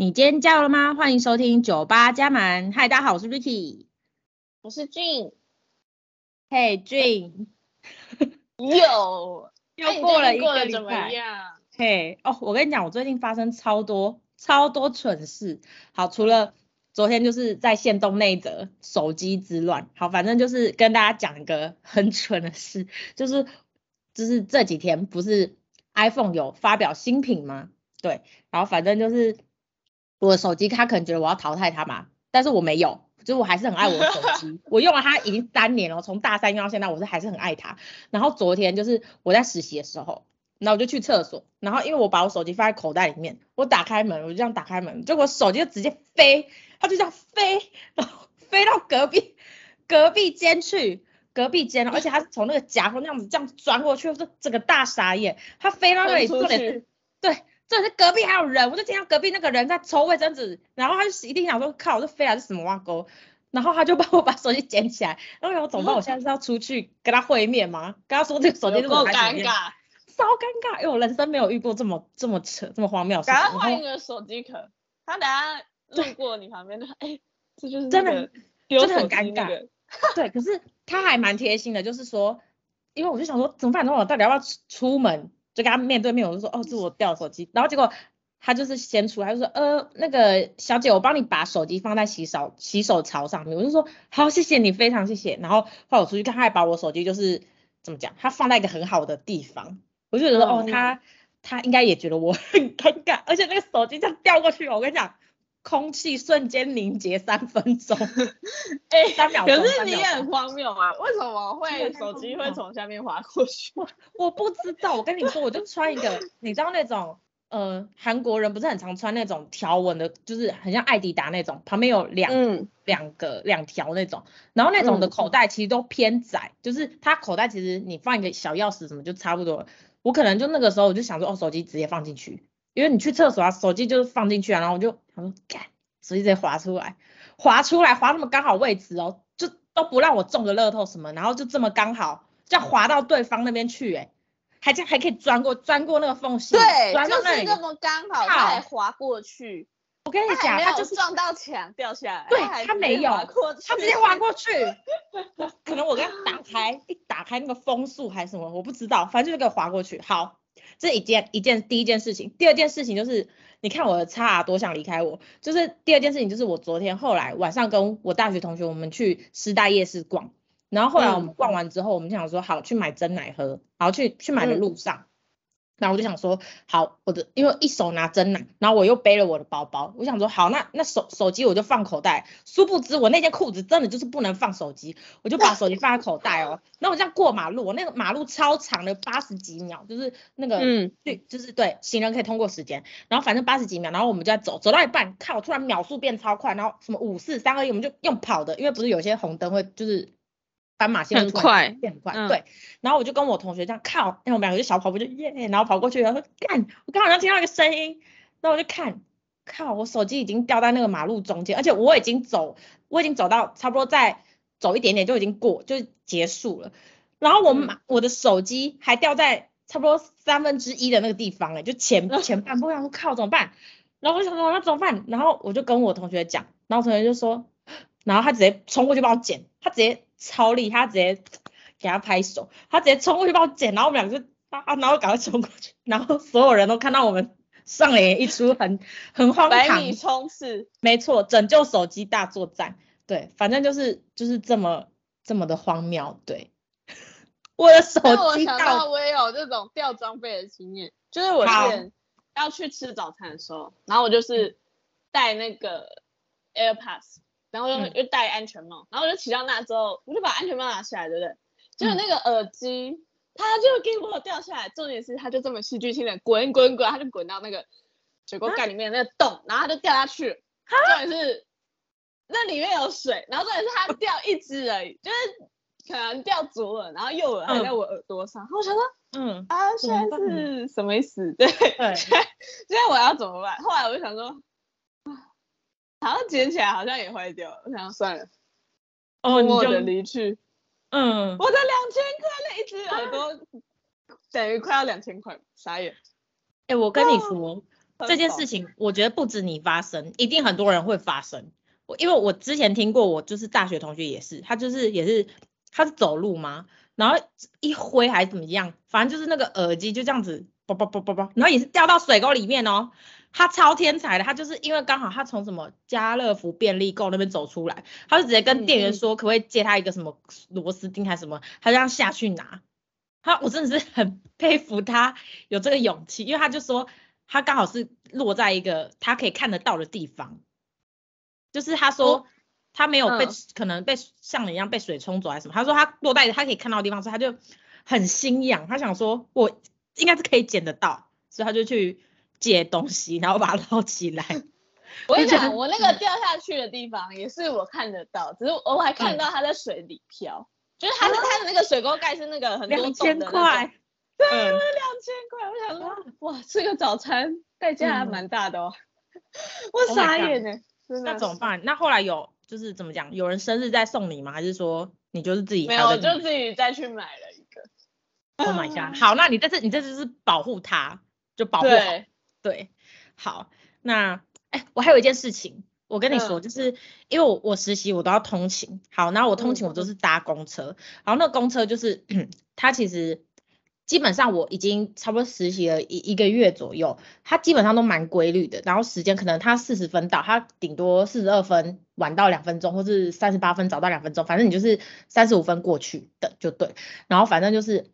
你尖叫了嗎？歡迎收聽九八加滿。嗨，大家好，我是 Ricky，我是 Jun。嘿，Jun，又又過了一個禮拜。嘿，hey, 哦，我跟你講，我最近發生超多超多蠢事。好，除了昨天就是在限動內的手機之亂。好，反正就是跟大家講一個很蠢的事，就是就是這幾天不是 iPhone 有發表新品嗎？對，然後反正就是。我的手機，他可能覺得我要淘汰他嘛，但是我沒有，就我還是很愛我的手機。我用了它已經三年了，從大三用到現在，我是還是很愛它。然後昨天就是我在實習的時候，然後我就去廁所，然後因為我把我手機放在口袋裡面，我打開門，我就這樣打開門，結果我手機就直接飛，它就這樣飛，然後飛到隔壁隔壁間去，隔壁間，而且它從那個夾縫那樣子這樣鑽過去，就整個大傻眼，它飛到那裡，對。就是隔壁還有人，我就聽到隔壁那個人在抽衛生紙，然後他就一定想說靠，這飛來的什麼挖勾，然後他就幫我把手機撿起來，然後我怎麼辦？我現在是要出去跟他會面嗎？跟他說這個手機是我？有夠尷尬，超尷尬，因、哎、為我人生沒有遇過這麼這麼扯這麼荒謬事情。換一個手機殼，他等下路過你旁邊，的哎對、欸，這就是、那個、真的，有那個、真的很尷尬。那個、 對，可是他還蠻貼心的，就是說，因為我就想說，怎麼辦？等我到底要不要出門？就跟他面對面，我就說哦，這我掉手機，然後結果他就是先出來，就說呃那個小姐，我幫你把手機放在洗手洗手槽上面，我就說好，謝謝你，非常謝謝。然後後我出去看，他還把我手機就是怎麼講，他放在一個很好的地方，我就覺得哦，哦，他他應該也覺得我很尷尬，而且那個手機這樣掉過去，我跟你講。空氣瞬間凝結三分鐘，哎、欸，三秒。可是你也很荒謬啊，為什麼會手機會從下面滑過去？我，我不知道，我跟你說，我就穿一個， 你知道那種，呃，韓國人不是很常穿那種條紋的，就是很像艾迪達那種，旁邊有兩、嗯、兩個兩條那種，然後那種的口袋其實都偏窄，嗯、就是它口袋其實你放一個小鑰匙什麼就差不多了。我可能就那個時候我就想說，哦，手機直接放進去。因為你去廁所啊，手機就是放進去啊，然後我就他說，幹，手機直接滑出來，滑出來，滑那麼剛好位置哦，就都不讓我中個樂透什麼，然後就這麼剛好，就滑到對方那邊去，誒。還這樣還可以鑽過鑽過那個縫隙，對，那個、就是那麼剛好再好滑過去。我跟你講，他就撞到牆掉下來。對他，他沒有，他直接滑過去。 他過去可能我剛打開，一打開那個風速還是什麼，我不知道，反正就給我滑過去，好。這一件一件第一件事情，第二件事情就是，你看我的 XR，多想離開我，就是第二件事情就是我昨天後來晚上跟我大學同學，我們去師大夜市逛，然後後來我們逛完之後，我們想說好去買珍奶喝，好去去買的路上。嗯然後我就想說，好，我的因為一手拿針吶，然後我又背了我的包包，我想說好，那那手手機我就放口袋。殊不知我那件褲子真的就是不能放手機，我就把手機放在口袋哦。那 我就這樣過馬路，那個馬路超長的八十幾秒，就是那個嗯，對，就是對，行人可以通過時間。然後反正八十幾秒，然後我們就在走，走到一半，看我突然秒速變超快，然後什麼五四三二一，我們就用跑的，因為不是有些紅燈會就是。斑馬線快很快，變很快，對。嗯、然後我就跟我同學這樣靠，然後我們兩個就小跑步就耶，然後跑過去。然後說幹，我剛好像聽到一個聲音，然後我就看，靠，我手機已經掉在那個馬路中間，而且我已經走，我已經走到差不多再走一點點就已經過，就結束了。然後我馬，嗯、我的手機還掉在差不多三分之一的那個地方，了，就前前半部分。我靠，怎麼辦？然後我想說那怎麼辦？然後我就跟我同學講，然後同學就說，然後他直接衝過去幫我撿，他直接。超力，他直接給他拍手，他直接衝過去幫我撿，然後我們兩個就啊，然後趕快衝過去，然後所有人都看到我們上演一出很很荒唐，百米衝刺，沒錯，拯救手機大作戰，對，反正就是就是這麼這麼的荒謬，對，我的手機大。我想到我也有這種掉裝備的經驗，就是我先好要去吃早餐的時候，然後我就是帶那個 AirPods。然後就又又戴安全帽，嗯、然後我就騎到那之後，我就把安全帽拿下來，對不對？嗯、結果那個耳機它就給我掉下來，重點是它就這麼戲劇性的滾滾滾，它就滾到那個水溝蓋裡面的那個洞，啊、然後它就掉下去了。哈重點是那裡面有水，然後重點是它掉一隻而已，就是可能掉左耳，然後右耳還在我耳朵上。嗯、然後我想說，嗯，啊，現在是什麼意思？嗯、對對現，現在我要怎麼辦？後來我就想說。好像撿起來好像也壞掉，我想算了。默默、哦、的離去。嗯，我的兩千塊那一只耳朵，等於快要兩千塊，傻眼。哎，我跟你說，哇這件事情我覺得不止你發生，一定很多人會發生。我、嗯、因為我之前聽過，我就是大學同學也是，他就是也是他是走路嘛，然後一揮還是怎麼樣，反正就是那個耳機就這樣子啵啵啵啵啵，然後也是掉到水溝裡面哦。他超天才的，他就是因為剛好他從什麼家樂福便利購那邊走出來，他就直接跟店員說可不可以借他一個什麼螺絲釘還是什麼，他這樣下去拿。他我真的是很佩服他有這個勇氣，因為他就說他剛好是落在一個他可以看得到的地方，就是他說他沒有被、哦嗯、可能被像你一樣被水沖走還是什麼，他說他落在他可以看到的地方，所以他就很心癢，他想說我應該是可以撿得到，所以他就去。借東西，然後把它撈起來。我跟你講，我那個掉下去的地方也是我看得到，只是我還看到它在水裡漂，就是它是它的那個水溝蓋是那個很多洞的。兩千塊，對，兩千塊。我想說，哇，吃個早餐代價還蠻大的。哦。我傻眼了，那怎麼辦？那後來有就是怎麼講？有人生日在送你嗎？還是說你就是自己買了？沒有，我就自己再去買了一個。Oh my God。好，那你這次你這次是保護它，就保護。對，好，那哎、欸，我還有一件事情，我跟你說，呃、就是因為我我實習我都要通勤，好，那我通勤我都是搭公車，嗯、然後那公車就是它其實基本上我已經差不多實習了一一個月左右，它基本上都蠻規律的，然後時間可能它四十分到，它頂多四十二分晚到兩分鐘，或是三十八分早到兩分鐘，反正你就是三十五分過去的就對，然後反正就是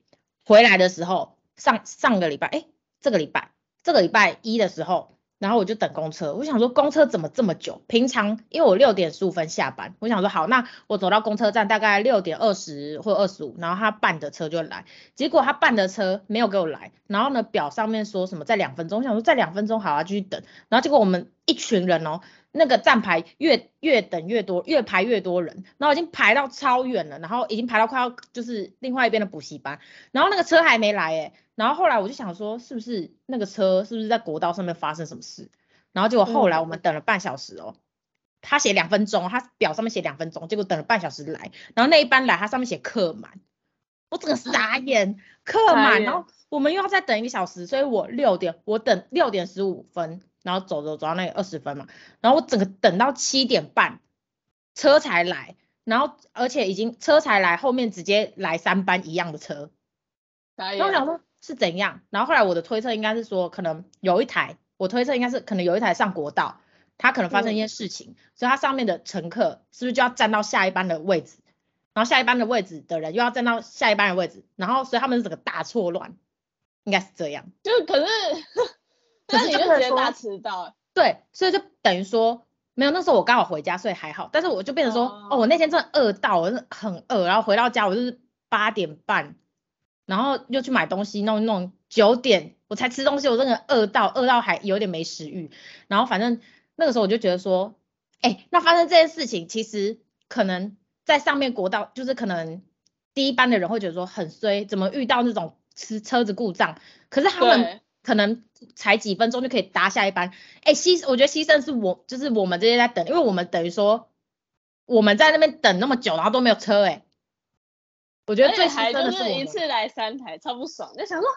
回來的時候，上上個禮拜，哎、欸，這個禮拜。這個禮拜一的時候，然後我就等公車，我想說公車怎麼這麼久？平常因為我六點十五分下班，我想說好，那我走到公車站大概六點二十或二十五，然後他辦的車就來。結果他辦的車沒有給我來，然後呢，表上面說什麼再兩分鐘，我想說再兩分鐘好啊，要繼續等。然後結果我們一群人哦。那個站牌越越等越多，越排越多人，然後已經排到超遠了，然後已經排到快要就是另外一邊的補習班，然後那個車還沒來耶，然後後來我就想說是不是那個車是不是在國道上面發生什麼事？然後結果後來我們等了半小時哦，嗯，他寫兩分鐘，他表上面寫兩分鐘，結果等了半小時來，然後那一班來他上面寫客滿，我整個傻眼，傻眼，客滿，傻眼，然後我們又要再等一個小時，所以我六點我等六點十五分。然後走走走到那裡二十分嘛，然後我整個等到七點半，車才來，然後而且已經車才來，後面直接來三班一樣的車，野然後想說是怎樣，然後後來我的推測應該是說可能有一台，我推測應該是可能有一台上國道，它可能發生一件事情，嗯，所以它上面的乘客是不是就要站到下一班的位置，然後下一班的位置的人又要站到下一班的位置，然後所以他們是整個大錯亂，應該是這樣，就可是。但是你就覺得大遲到，對，所以就等於說沒有，那時候我剛好回家，所以還好。但是我就變成說，哦，我那天真的餓到，我是很餓。然後回到家，我就是八點半，然後又去買東西弄弄，九點我才吃東西，我真的餓到餓到還有點沒食慾。然後反正那個時候我就覺得說，哎，那發生這件事情，其實可能在上面國道，就是可能第一班的人會覺得說很衰，怎麼遇到那種車車子故障？可是他們可能。才幾分鐘就可以搭下一班，哎、欸，犧我覺得犧牲是我，就是我們這些在等，因為我們等於說我們在那邊等那麼久，然後都沒有車、欸，哎，我覺得最慘就是一次來三台，超不爽，就想說，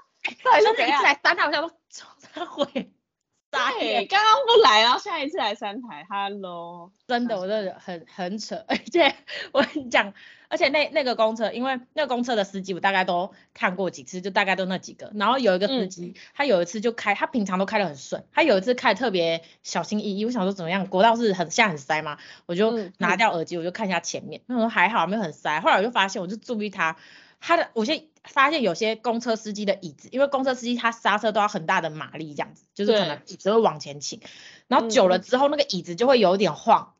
哎、欸，到底是哪一次來三台？我想說，早該，哎，剛剛對不來，然後下一次來三台，Hello，真的我真的很很扯，而 且我跟你講。而且那那個公車，因為那個公車的司機我大概都看過幾次，就大概都那幾個。然後有一個司機，嗯、他有一次就開，他平常都開得很順，他有一次開得特別小心翼翼。我想說怎麼樣，國道是很下很塞嗎？我就拿掉耳機，我就看一下前面，那時候還好還沒有很塞。後來我就發現，我就注意他，他的，我先發現有些公車司機的椅子，因為公車司機他剎車都要很大的馬力，這樣子，就是可能只會往前傾。對然後久了之後，嗯、那個椅子就會有點晃。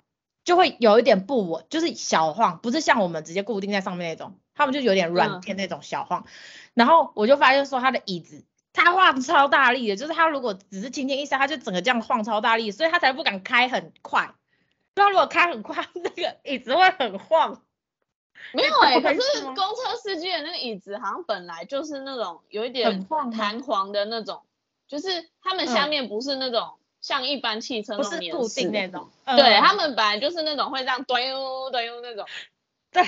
就會有一點不穩，就是小晃，不是像我們直接固定在上面那種，他們就有點軟墊那種小晃。嗯、然後我就發現說，他的椅子，他晃超大力的，就是他如果只是輕輕一下，他就整個這樣晃超大力，所以他才不敢開很快。他如果開很快，那、這個椅子會很晃。沒有哎、欸，可是公車司機的那個椅子好像本來就是那種有一點彈簧的那種，就是他們下面不是那種、嗯。像一般汽車不是固定那種，對，他們本來就是那種會這樣端呦端呦那種，對，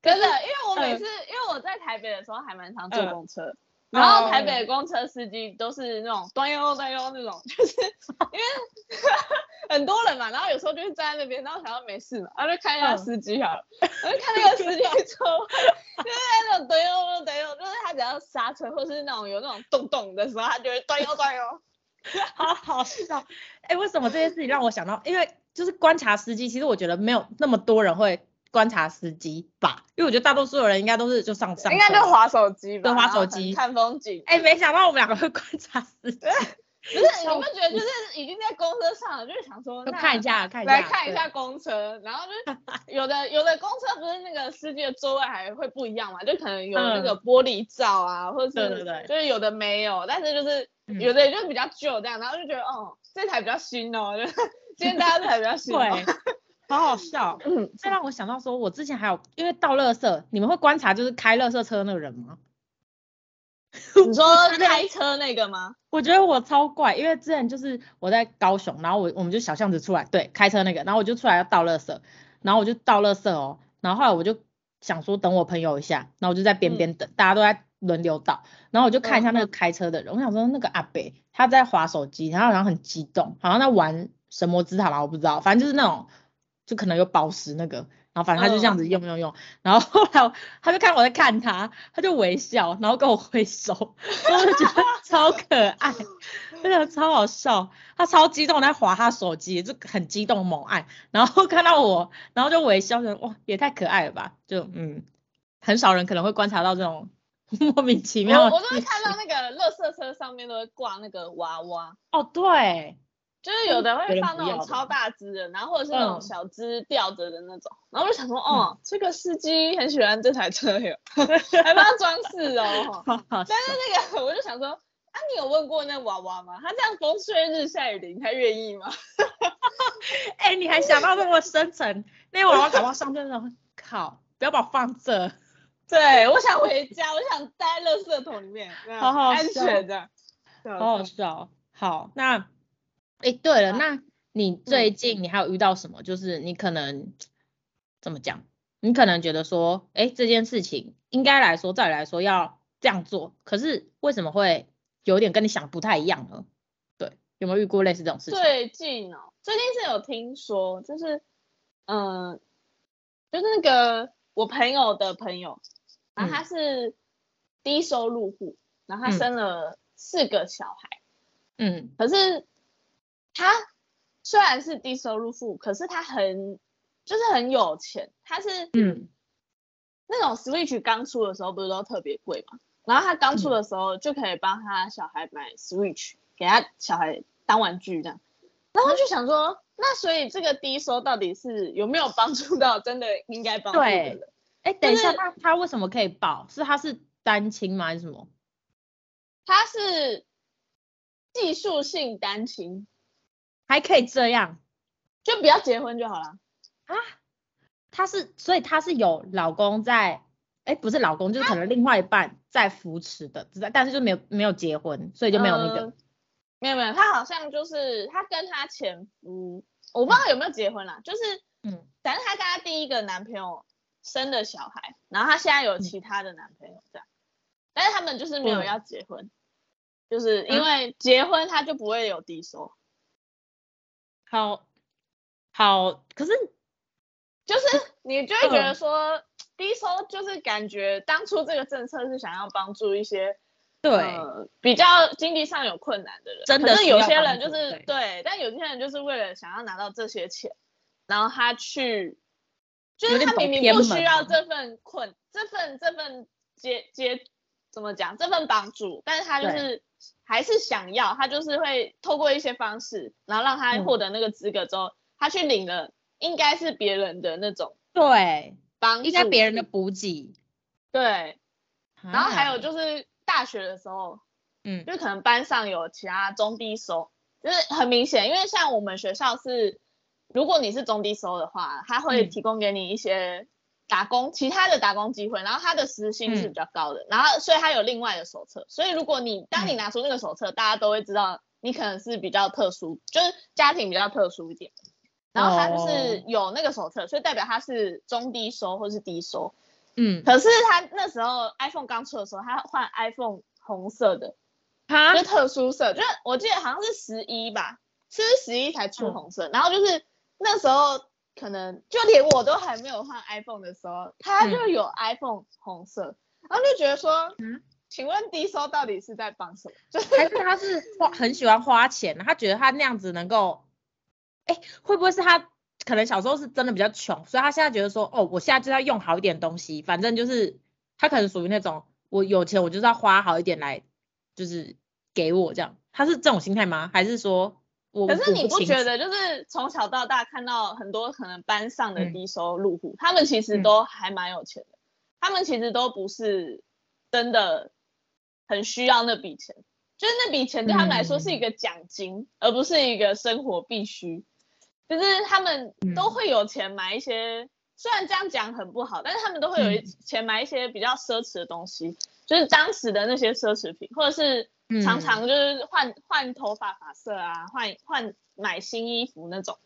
真的，因為我每次因為我在台北的時候還蠻常坐公車，然後台北的公車司機都是那種端呦端呦那種，就是因為很多人嘛，然後有時候就是站在那邊，然後想要沒事嘛，然後就看一下司機好了，我就看那個司機一抽，就是那種嘟呦嘟呦，就是他只要剎車或是那種有那種咚咚的時候，他就會端呦端呦。 好好笑，哎、欸，為什麼這件事情讓我想到？因為就是觀察司機，其實我覺得沒有那麼多人會觀察司機吧，因為我覺得大多數的人應該都是就上上應該就滑手機，對，滑手機看風景。哎、欸，對沒想到我們兩個會觀察司機。不是，我們覺得就是已經在公車上了，就是想說看一下，看一下來看一下公車，對然後就是有的有的公車不是那個司機的座位還會不一樣嘛，就可能有那個玻璃罩啊，嗯、或者是什麼的，就是有的沒有，對對對，但是就是有的也就比較舊這樣，然後就覺得、嗯、哦，這台比較新哦，就今天大家這台比較新，哦， 對， 好好笑，嗯，這讓我想到說我之前還有，因為倒垃圾，你們會觀察就是開垃圾車那個人嗎？ 你說開車那個嗎？我覺得我超怪，因為之前就是我在高雄，然後我我們就小巷子出來，對，開車那個,然後我就出來要倒樂色，然後我就倒樂色哦，然後後來我就想說等我朋友一下，然後我就在邊邊等，嗯、大家都在輪流倒，然後我就看一下那個開車的人，哦、我想說那個阿伯他在滑手機，他好像很激動，好像在玩神魔之塔吧，我不知道，反正就是那種就可能有寶石那個。然後反正他就這樣子用不用用，oh. 然後後來他就看我在看他，他就微笑，然後跟我揮手，我就覺得超可愛，真的 超好笑，他超激動，他在滑他手機，就很激動猛按，然後看到我，然後就微笑，就哇、哦、也太可愛了吧，就嗯，很少人可能會觀察到這種莫名其妙。Oh, 我都會看到那個垃圾車上面都會掛那個娃娃，哦、oh, 對。就是有的會放那種超大隻的，然後或者是那種小隻吊着的那種，然後我就想說，哦，這個司機很喜歡這台車，還幫他裝飾哦。但是那個，我就想說，啊，你有問過那個娃娃嗎？他這樣風吹日曬雨淋，他願意嗎？哎，你還想到這麼深層。那個娃娃趕快上車，好，不要把我放這。對，我想回家，我想待在垃圾桶裡面，好好安全的。好好笑，好，那。哎，對了，那你最近你還有遇到什麼？嗯、就是你可能怎麼講？你可能覺得說，哎，這件事情應該來說，照理來說要這樣做，可是為什麼會有點跟你想不太一樣呢？對，有沒有遇過類似這種事情？最近哦，最近是有聽說，就是嗯、呃，就是那個我朋友的朋友，然後他是低收入戶，嗯、然後他生了四個小孩，嗯，可是。他雖然是低收入戶，可是他很就是很有錢。他是嗯，那種 Switch 剛出的時候不是都特別貴嘛？然後他剛出的時候就可以幫他小孩買 Switch、嗯、給他小孩當玩具這樣。然後他就想說，嗯、那所以這個低收到底是有沒有幫助到真的應該幫助的人？對、哎、欸，等一下，他、就是、他為什麼可以報？是他是單親嗎？還是什麼？他是技術性單親。還可以這樣，就不要結婚就好了啊！她是，所以她是有老公在，哎、欸、不是老公，就是可能另外一半在扶持的，啊、但是就沒有沒有結婚，所以就沒有那個、呃、沒有沒有，她好像就是她跟她前夫，我不知道有沒有結婚啦，嗯、就是嗯，反正她跟她第一個男朋友生的小孩，然後她現在有其他的男朋友、嗯、這樣，但是他們就是沒有要結婚，嗯、就是因為結婚他就不會有低收。好好，可是就是你就會覺得說，低收、嗯、就是感覺當初這個政策是想要幫助一些對、呃、比較經濟上有困難的人，真的有些人就是對，對，但有些人就是為了想要拿到這些錢，然後他去就是他明明不需要這份困、啊、這份這份接接怎麼講這份幫助，但是他就是。還是想要他，就是會透過一些方式，然後讓他獲得那個資格之後，嗯、他去領了，應該是別人的那種對，幫應該是別人的補給，對。嘿然後還有就是大學的時候，嗯，就可能班上有其他中低收，就是很明顯，因為像我們學校是，如果你是中低收的話，他會提供給你一些。打工其他的打工機會，然後他的時薪是比較高的，嗯、然後所以他有另外的手冊，所以如果你當你拿出那個手冊，大家都會知道你可能是比較特殊，就是家庭比較特殊一點，然後他就是有那個手冊，所以代表他是中低收或是低收，嗯，可是他那時候 iPhone 剛出的時候，他換 iPhone 紅色的，哈，就特殊色，就是我記得好像是十一吧，是十一才出紅色，嗯、然後就是那時候。可能就連我都還沒有換 iPhone 的時候，他就有 iPhone 紅色，嗯、然後就覺得說，嗯、請問低收到底是在幫什麼？還是他是花很喜歡花錢？他覺得他那樣子能夠，哎、欸，會不會是他可能小時候是真的比較窮，所以他現在覺得說，哦，我現在就要用好一點東西，反正就是他可能屬於那種我有錢我就是要花好一點來，就是給我這樣，他是這種心態嗎？還是說？可是你不覺得，就是從小到大看到很多可能班上的低收入戶，嗯、他們其實都還蠻有錢的，嗯、他們其實都不是真的很需要那筆錢，就是那筆錢對他們來說是一個獎金，嗯、而不是一個生活必須，就是他們都會有錢買一些，嗯、雖然這樣講很不好，但是他們都會有錢買一些比較奢侈的東西，就是當時的那些奢侈品，或者是。常常就是換換頭髮髮色啊，換換買新衣服那種，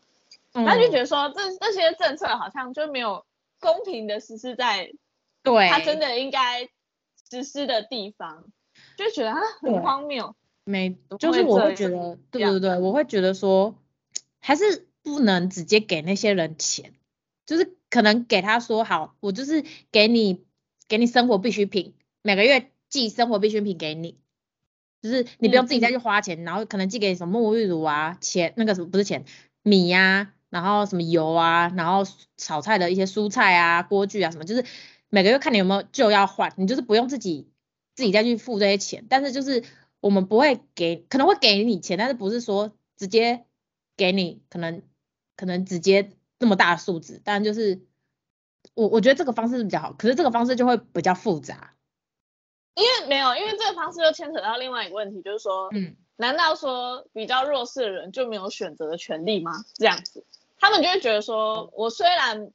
嗯、他就覺得說這這些政策好像就沒有公平的實施在，對他真的應該實施的地方，對就覺得他很荒謬，沒。對就是我會覺得，對對對，我會覺得說還是不能直接給那些人錢，就是可能給他說好，我就是給你給你生活必需品，每個月寄生活必需品給你。就是你不用自己再去花錢，嗯、然後可能寄給你什麼沐浴乳啊、錢那個什麼不是錢米呀、啊，然後什麼油啊，然後炒菜的一些蔬菜啊、鍋具啊什麼，就是每個月看你有沒有就要換，你就是不用自己自己再去付這些錢，但是就是我們不會給，可能會給你錢，但是不是說直接給你可能可能直接那麼大的數字，但就是我我覺得這個方式比較好，可是這個方式就會比較複雜。因為沒有，因為這個方式又牽扯到另外一個問題，就是說，嗯，難道說比較弱勢的人就沒有選擇的權利嗎？這樣子，他們就會覺得說，我雖然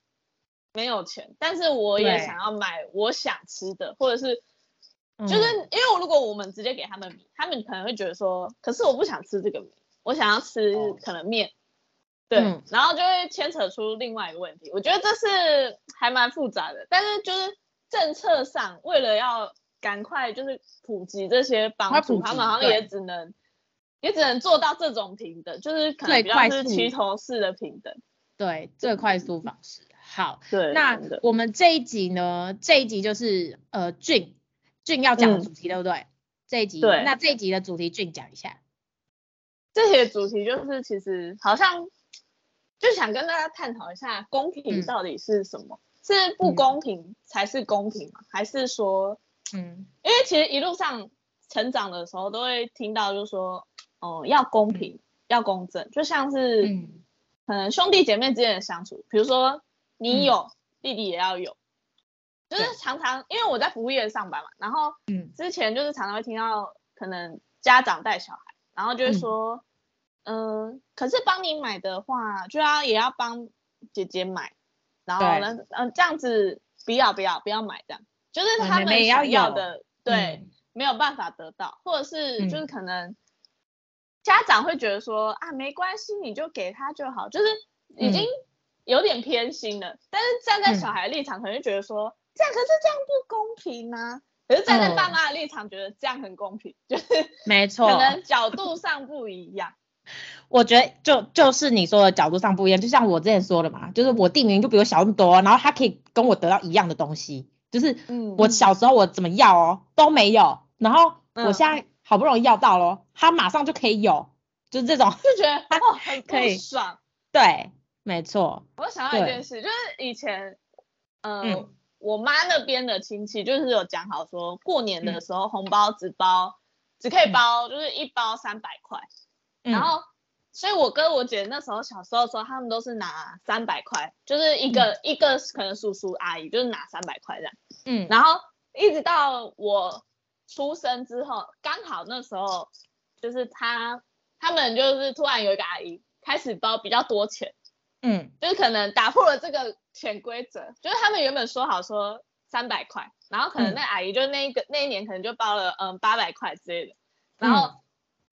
沒有錢，但是我也想要買我想吃的，或者是，對就是因為如果我們直接給他們，他們可能會覺得說，可是我不想吃這個，我想要吃可能麵，嗯、對，然後就會牽扯出另外一個問題，我覺得這是還蠻複雜的，但是就是政策上為了要。趕快就是普及這些幫助，他們好像也只能，對也只能做到這種平等，就是可能比較是齊頭式的平等，對，最快速方式。好，對，那我們這一集呢，這一集就是呃俊，俊要講的主題、嗯、對不對？這一集，對，那這一集的主題俊講一下，這些主題就是其實好像就想跟大家探討一下公平到底是什麼，嗯、是不公平才是公平嗎？嗯、還是說？嗯，因為其實一路上成長的時候，都會聽到，就是說，哦、呃，要公平，嗯、要公正，就像是，嗯，可能兄弟姐妹之間的相處，比如說你有、嗯、弟弟也要有，就是常常，對因為我在服務業上班嘛，然後，嗯，之前就是常常會聽到，可能家長帶小孩，然後就會說，嗯、呃，可是幫你買的話，就要也要幫姐姐買，然後呢，嗯對，這樣子不要不要不要買這樣。就是他們要要的，妹妹也要有，對，嗯、沒有辦法得到，或者是就是可能家長會覺得說、嗯、啊沒關係，你就給他就好，就是已經有點偏心了。嗯、但是站在小孩立場，可能就覺得說、嗯、這樣，可是這樣不公平啊，可是站在爸媽的立場，覺得這樣很公平，嗯、就是沒錯，可能角度上不一樣。錯 我覺得就就是你說的角度上不一樣，就像我之前說的嘛，就是我弟明明就比我小很多，然後他可以跟我得到一樣的東西。就是我小時候我怎麼要哦都沒有，然後我現在好不容易要到了，他馬上就可以有，就是這種就覺得哦還可以算。對，沒錯。我想到一件事，就是以前，嗯，我媽那邊的親戚就是有講好說，過年的時候紅包只包，只可以包，就是一包三百塊，然後，所以我跟我姐那時候小時候說，他們都是拿三百塊，就是一個一個可能叔叔阿姨就是拿三百塊這樣。嗯，然後一直到我出生之後，剛好那時候就是他他們就是突然有一個阿姨開始包比較多錢，嗯，就是可能打破了這個潛規則，就是他們原本說好說三百塊，然後可能那阿姨就那一個、嗯、那一年可能就包了嗯八百塊之類的，然後。嗯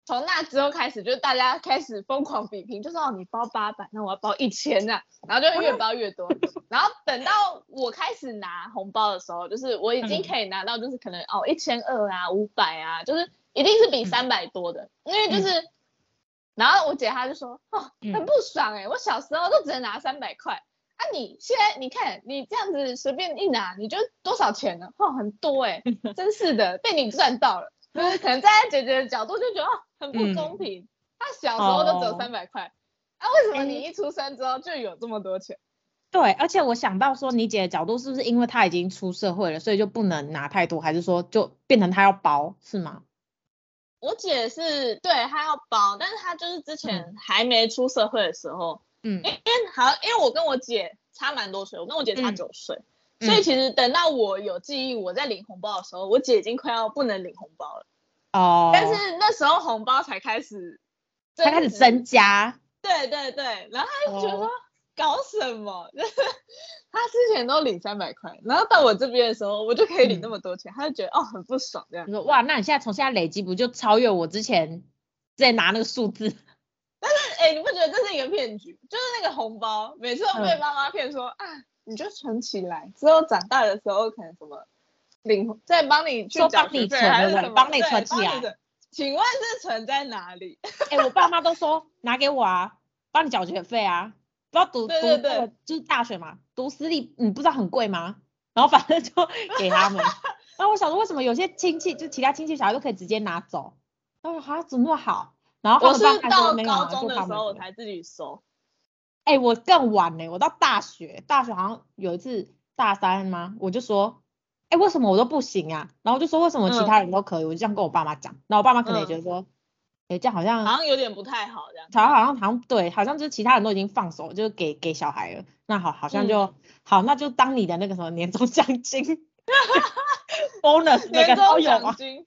從那之後開始，就大家開始瘋狂比拼，就是哦，你包八百，那我要包一千這樣，然後就越包越多。 然後等到我開始拿紅包的時候，就是我已經可以拿到，就是可能哦一千二啊，五百啊，就是一定是比三百多的，因為就是，然後我姐她就說哦很不爽哎、欸，我小時候都只能拿三百塊，啊你現在你看你這樣子隨便一拿，你就多少錢呢？哦很多哎、欸，真是的，被你賺到了。可能在姐姐的角度就覺得很不公平，嗯、她小時候就只有三百塊，那、哦啊、為什麼你一出生之後就有這麼多錢、嗯？對，而且我想到說你姐的角度是不是因為她已經出社會了，所以就不能拿太多，還是說就變成她要包是嗎？我姐是對她要包，但是她就是之前還沒出社會的時候，嗯，因為好，因為我跟我姐差蠻多歲，我跟我姐差九歲。嗯所以其實等到我有記憶，我在領紅包的時候，我姐已經快要不能領紅包了。哦。但是那時候紅包才開始，開始增加。對對對。然後她就覺得說：“哦、搞什麼？”就是她之前都領三百塊，然後到我這邊的時候，我就可以領那麼多錢，嗯、她就覺得哦很不爽這樣。說：“哇，那你現在從現在累積不就超越我之前在拿那個數字？”但是哎、欸，你不覺得這是一個騙局？就是那個紅包每次都被媽媽騙說啊。嗯你就存起來，之後長大的時候可能什麼領再幫你去幫你存對對，還什麼幫你存起來，啊？請問是存在哪裡？哎、欸，我爸媽都說拿給我啊，幫你繳學費啊，不要讀對對對，讀讀、這個、就是大學嘛，讀私立你、嗯、不知道很貴嗎？然後反正就給他們。那 我想說為什麼有些親戚就其他親戚小孩都可以直接拿走？他說好像怎麼那麼好？然後我是到高中的時候我才自己收。哎、欸，我更晚呢，我到大學，大學好像有一次大三嗎？我就說，哎、欸，為什麼我都不行啊？然後就說，為什麼其他人都可以？嗯、我就這樣跟我爸媽講。那我爸媽可能也覺得說，哎、嗯欸，這樣好像好像有點不太好，這樣好像好像好像對，好像就是其他人都已經放手，就是給給小孩了。那好，好像就、嗯、好，那就當你的那個什麼年終獎金，bonus 年終獎金，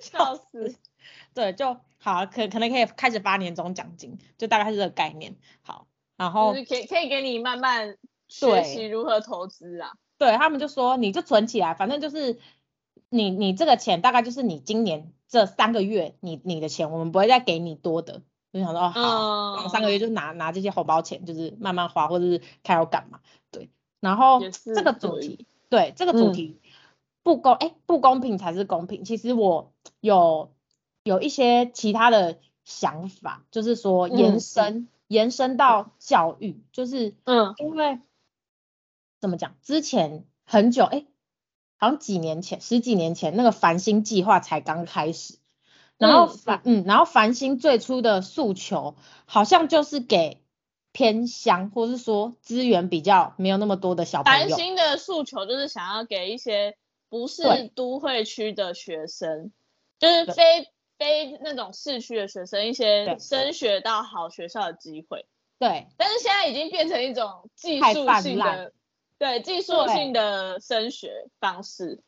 笑死。 對，就好可可能可以開始發年終獎金，就大概是這個概念。好。然後可以可以給你慢慢學習如何投資啊。對，他們就說，你就存起來，反正就是你你這個錢大概就是你今年這三個月你你的錢，我們不會再給你多的。就想說哦，好，三個月就拿、嗯、拿，拿這些紅包錢，就是慢慢花或者是看要幹嘛。對，然後是這個主題，對，對這個主題、嗯、不公哎，不公平才是公平。其實我有有一些其他的想法，就是說延伸。嗯嗯延伸到教育，就是嗯，因為怎麼講？之前很久哎，好像幾年前、十幾年前，那個繁星計劃才剛開始。然後繁嗯,嗯，然後繁星最初的訴求，好像就是給偏鄉，或是說資源比較沒有那麼多的小朋友。繁星的訴求就是想要給一些不是都會區的學生，對就是非。非，那種市區的學生一些升學到好學校的機會，對，對，但是現在已經變成一種技術性的，泛濫，對，技術性的升學方式。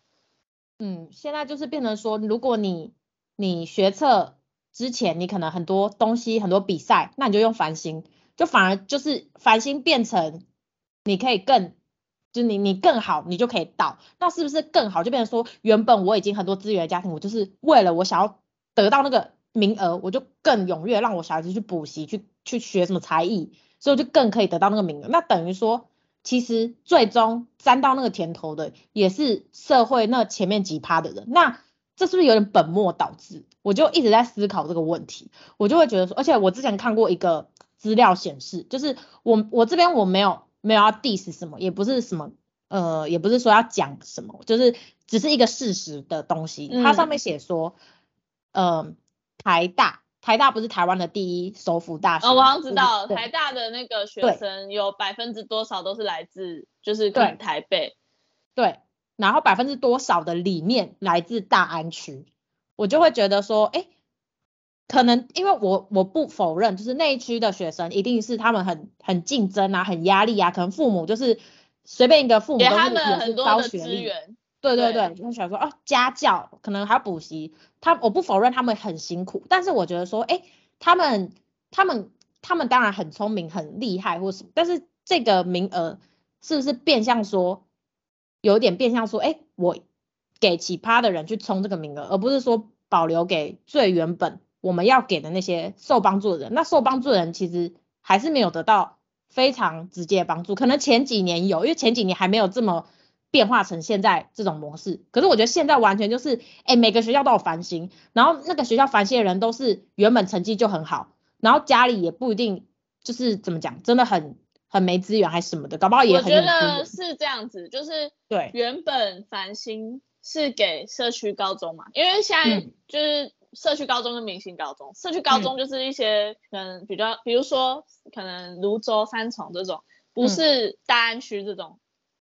嗯，現在就是變成說，如果你你學測之前，你可能很多東西很多比賽，那你就用繁星，就反而就是繁星變成你可以更，就你你更好，你就可以到，那是不是更好？就變成說，原本我已經很多資源的家庭，我就是為了我想要。得到那個名額，我就更踴躍，讓我小孩子去補習，去去學什麼才藝，所以我就更可以得到那個名額。那等於說，其實最終沾到那個甜頭的也是社會那前面幾趴的人。那這是不是有點本末倒置？我就一直在思考這個問題，我就會覺得說，而且我之前看過一個資料顯示，就是我我這邊我沒有沒有要 diss 什麼，也不是什麼呃，也不是說要講什麼，就是只是一個事實的東西，嗯、它上面寫說。嗯、呃，台大，台大不是台灣的第一首府大學？哦，我好像知道，就是，台大的那個學生有百分之多少都是來自，就是台北對。對，然後百分之多少的裡面來自大安區，我就會覺得說，哎、欸，可能因為我我不否認，就是那一區的學生一定是他們很很競爭啊，很壓力啊，可能父母就是隨便一個父母給他們很多的資源。對對對，對，他對想說哦，家教可能還要補習。他我不否認他們很辛苦，但是我覺得說，哎、欸，他們他們他們當然很聰明很厲害或是，但是這個名額是不是變相說，有點變相說，哎、欸，我給奇葩的人去充這個名額，而不是說保留給最原本我們要給的那些受幫助的人。那受幫助的人其實還是沒有得到非常直接的幫助，可能前幾年有，因為前幾年還沒有這麼，變化成現在這種模式，可是我覺得現在完全就是，欸、每個學校都有繁星，然後那個學校繁星的人都是原本成績就很好，然後家裡也不一定就是怎麼講，真的很很沒資源還是什麼的，搞不好也很。我覺得是這樣子，就是對，原本繁星是給社區高中嘛，因為現在就是社區高中跟明星高中，社區高中就是一些可能比較，比如說可能蘆洲、三重這種，不是大安區這種。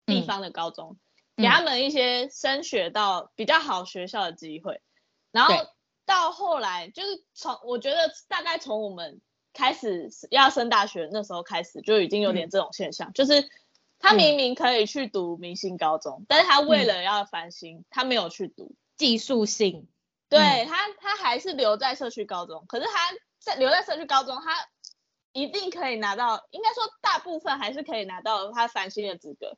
地方的高中，給他們一些升學到比較好學校的機會。嗯嗯、然後到後來，就是從我覺得大概從我們開始要升大學那時候開始，就已經有點這種現象，嗯、就是他明明可以去讀明星高中，嗯、但是他為了要繁星，嗯、他沒有去讀技術性，嗯、對他，他還是留在社區高中。可是他在留在社區高中，他一定可以拿到，應該說大部分還是可以拿到他繁星的資格。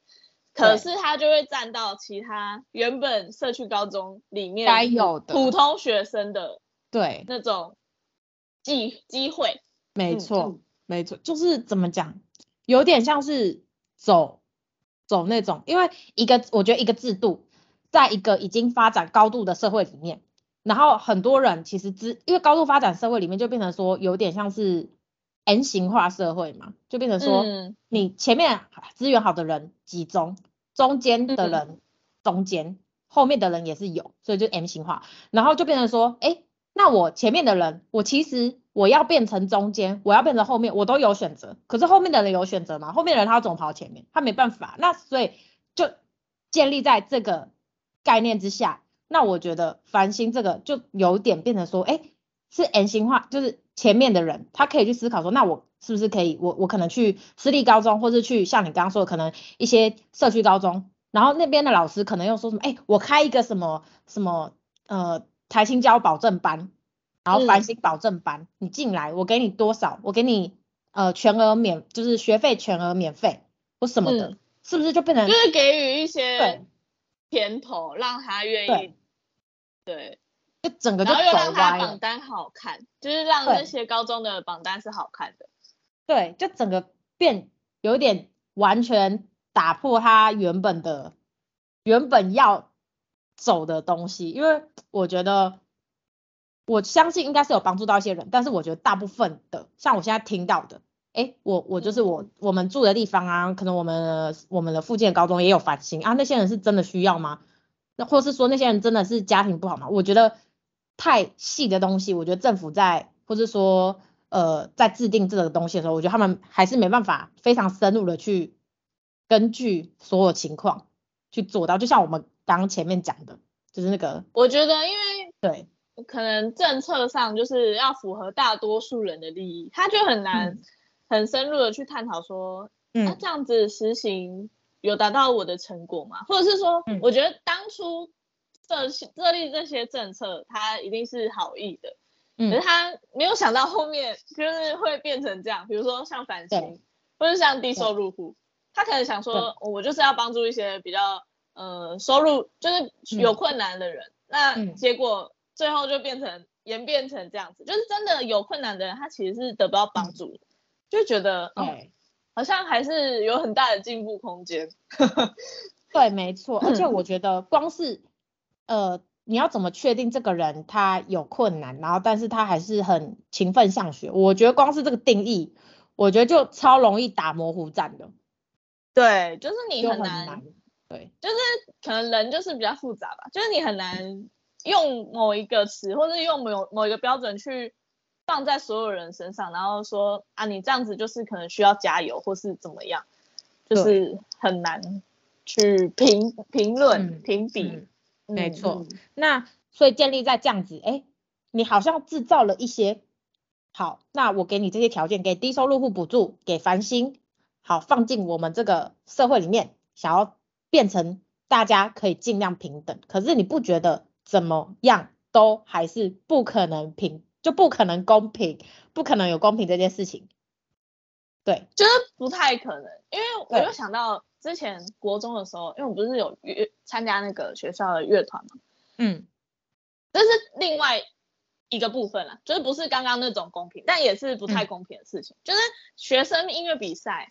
可是他就會占到其他原本社區高中裡面該有的普通學生的，對，那種機機會。沒錯，嗯，對，沒錯，就是怎麼講，有點像是走走那種，因為一個我覺得一個制度，在一個已經發展高度的社會裡面，然後很多人其實之因為高度發展社會裡面就變成說有點像是。M 型化社會嘛，就變成說，嗯、你前面資源好的人集中，中間的人中間，嗯、哼後面的人也是有，所以就 M 型化，然後就變成說，誒，那我前面的人，我其實我要變成中間，我要變成後面，我都有選擇，可是後面的人有選擇嗎？後面的人他要總跑前面，他沒辦法，那所以就建立在這個概念之下，那我覺得繁星這個就有點變成說，誒，是 M 型化，就是。前面的人，他可以去思考說，那我是不是可以，我我可能去私立高中，或者去像你剛剛說的，可能一些社區高中，然後那邊的老師可能又說什麼，哎，我開一個什麼什麼呃台清交保證班，然後繁星保證班，你進來，我給你多少，我給你呃全額免，就是學費全額免費或什麼的，是，是不是就變成就是給予一些甜頭，對讓他願意對。對就整個就走歪了。讓他榜單好看，就是讓那些高中的榜單是好看的。對，對，就整個變有點完全打破他原本的原本要走的東西，因為我覺得我相信應該是有幫助到一些人，但是我覺得大部分的像我現在聽到的，哎，我我就是我我們住的地方啊，可能我們我們的附近的高中也有繁星啊，那些人是真的需要嗎？那或是說那些人真的是家庭不好嗎？我覺得。太細的東西，我覺得政府在或是說呃在制定這個東西的時候，我覺得他們還是沒辦法非常深入的去根據所有情況去做到。就像我們剛剛前面講的，就是那個，我覺得因為對，可能政策上就是要符合大多數人的利益，他就很難很深入的去探討說，嗯，啊、這樣子實行有達到我的成果嗎？或者是說，嗯、我覺得當初。這設立這些政策，他一定是好意的，嗯、可是他沒有想到後面就是會變成這樣。比如說像繁星，對或者像低收入戶，對他可能想說，對哦、我就是要幫助一些比較呃收入就是有困難的人。嗯、那結果最後就變成、嗯、演變成這樣子，就是真的有困難的人，他其實是得不到幫助，嗯、就覺得嗯對、哦，好像還是有很大的進步空間。 對，沒錯，而且我覺得光是呃，你要怎麼確定這個人他有困難，然後但是他還是很勤奮上學？我覺得光是這個定義，我覺得就超容易打模糊戰的。對，就是你很難。很難對，就是可能人就是比較複雜吧，就是你很難用某一個詞，或者用某某一個標準去放在所有人身上，然後說啊，你這樣子就是可能需要加油，或是怎麼樣，就是很難去評對評論評比。嗯沒錯，嗯、那所以建立在這樣子，哎，你好像製造了一些好，那我給你這些條件，給低收入戶補助，給繁星，好，放進我們這個社會裡面，想要變成大家可以盡量平等，可是你不覺得怎麼樣都還是不可能平，就不可能公平，不可能有公平這件事情，對，就是不太可能，因為我又想到。之前國中的時候，因為我們不是有約參加那個學校的樂團嘛。嗯，這是另外一個部分了，就是不是剛剛那種公平，但也是不太公平的事情。嗯、就是學生音樂比賽，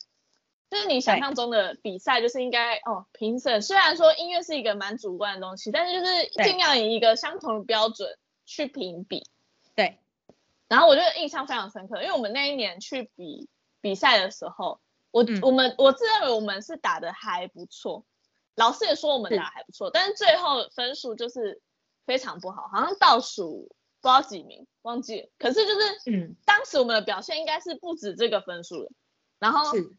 就是你想象中的比賽，就是應該對哦，評審雖然說音樂是一個蠻主觀的東西，但是就是儘量以一個相同的標準去評比。對。然後我就印象非常深刻，因為我們那一年去比比賽的時候。我、嗯、我們我自認為我們是打得還不錯，老師也說我們打得還不錯，是。但是最後分數就是非常不好，好像倒數不知道幾名，忘記了。可是就是，嗯，當時我們的表現應該是不止這個分數的。然後是